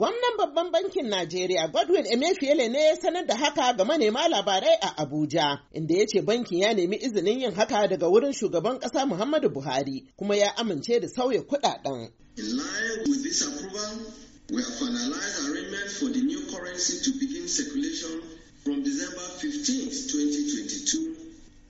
Gwamnan babban bankin Najeriya Godwin Emefiele ne ya sanar da haka ga manema labarai a Abuja, inda ya ce bankin ya nemi izinin yin haka daga wurin shugaban ƙasa Muhammadu Buhari kuma ya amince da sauya kuɗaɗen. In line with this approval, we have finalized for the new currency to begin circulation from December 15, 2022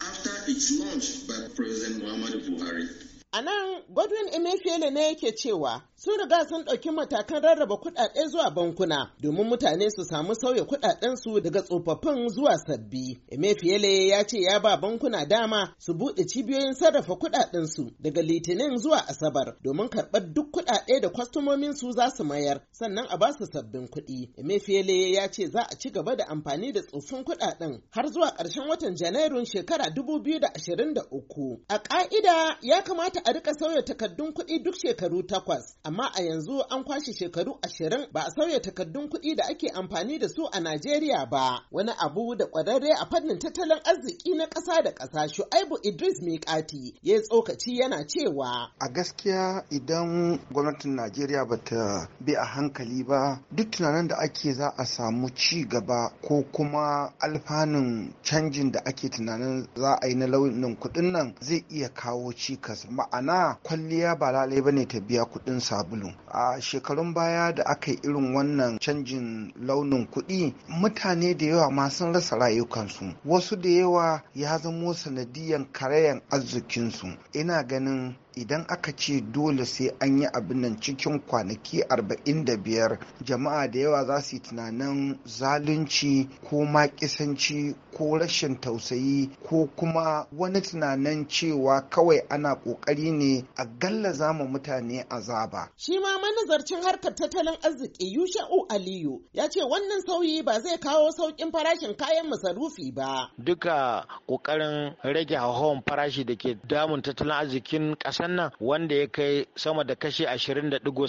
after its launch by President Muhammadu Buhari. A nan Godwin Emefiele ne yake cewa sun riga sun ɗauki matakan rarraba kuɗaɗe zuwa bankuna domin mutane su samu sauya kuɗaɗensu daga tsofaffin zuwa sabbi. Emefiele ya ce ya ba bankuna dama su buɗe cibiyoyin sarrafa kuɗaɗensu daga litinin zuwa asabar domin karɓar duk kuɗaɗe da kwastomomin su za su mayar sannan a ba su sabbin kuɗi. Emefiele ya ce za a ci gaba da amfani da tsoffin kuɗaɗen har zuwa ƙarshen watan Janairun shekara dubu biyu da da uku. A ƙa'ida ya kamata kamata a rika sauya takardun kuɗi duk shekaru takwas, amma a yanzu an kwashe shekaru ashirin ba a sauya takardun kuɗi da ake amfani da su a Najeriya ba. Wani abu da ƙwararre a fannin tattalin arziki na ƙasa da ƙasa Shu'aibu Idris Mikati ya yi tsokaci yana cewa. A gaskiya idan gwamnatin Najeriya ba ta bi a hankali ba duk tunanin da ake za a samu ci gaba ko kuma alfanun canjin da ake tunanin za a yi na launin kuɗin nan zai iya kawo cikas ma ma'ana kwalliya ba lalai bane ta biya kuɗin sabulu a shekarun baya da aka yi irin wannan canjin launin kuɗi mutane da yawa ma sun rasa rayukansu wasu da yawa ya zamo sanadiyan karayan arzikinsu ina ganin idan aka ce dole sai an yi abin nan cikin kwanaki 45 jama'a da yawa za su yi tunanin zalunci ko makisanci ko rashin tausayi ko kuma wani tunanin cewa kawai ana ƙoƙari ƙoƙari ne a gallaza ma mutane azaba. Shi ma manazarcin harkar tattalin arziki Yusha'u Aliyu ya ce wannan sauyi ba zai kawo sauƙin farashin kayan masarufi ba. Duka ƙoƙarin rage hauhawar farashi da ke damun tattalin arzikin ƙasar nan wanda ya kai sama da kashi ashirin daga digo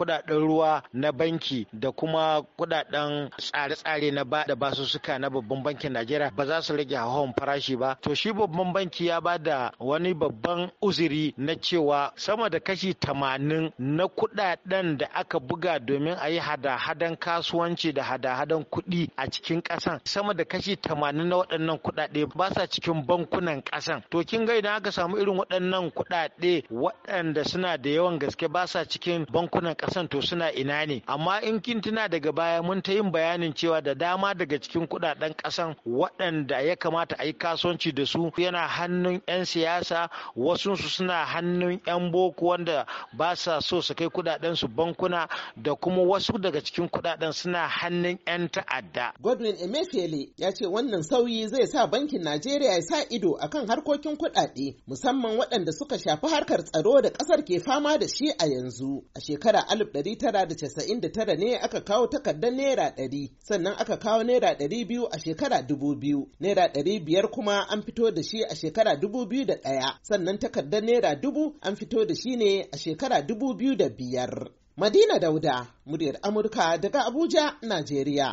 kuɗaɗen ruwa na banki da kuma kuɗaɗen tsare-tsare na ba da basussuka na babban bankin Najeriya ba za su rage hauhawar farashi ba. To shi babban banki ya ba da wani babban babban uzuri na cewa sama da kashi tamanin na kudaden da aka buga domin a yi hada-hadan kasuwanci da hada-hadan kudi a cikin kasan, sama da kashi tamanin na waɗannan kudade ba sa cikin bankunan kasan. to kin ga idan aka samu irin waɗannan kudade waɗanda suna da yawan gaske ba sa cikin bankunan kasan to suna ina ne amma in kin tuna daga baya mun ta yin bayanin cewa da dama daga cikin kudaden kasan waɗanda ya kamata a yi kasuwanci da su yana hannun 'yan siyasa wasu su suna hannun yan boko wanda ba sa so su kai kudaden su bankuna da kuma wasu daga cikin kudaden suna hannun yan ta'adda godwin emefiele ya ce wannan sauyi zai sa bankin najeriya ya sa ido akan harkokin kudade musamman waɗanda suka shafi harkar tsaro da ƙasar ke fama da shi a yanzu a shekara 1999 ne aka kawo takardar naira 100 sannan aka kawo naira 200 a shekara 2000 naira 500 kuma an fito da shi a shekara 2001 sannan takardar naira dubu an fito da shi ne a shekara dubu biyu da biyar. Madina Dauda, muryar Amurka daga Abuja, Najeriya.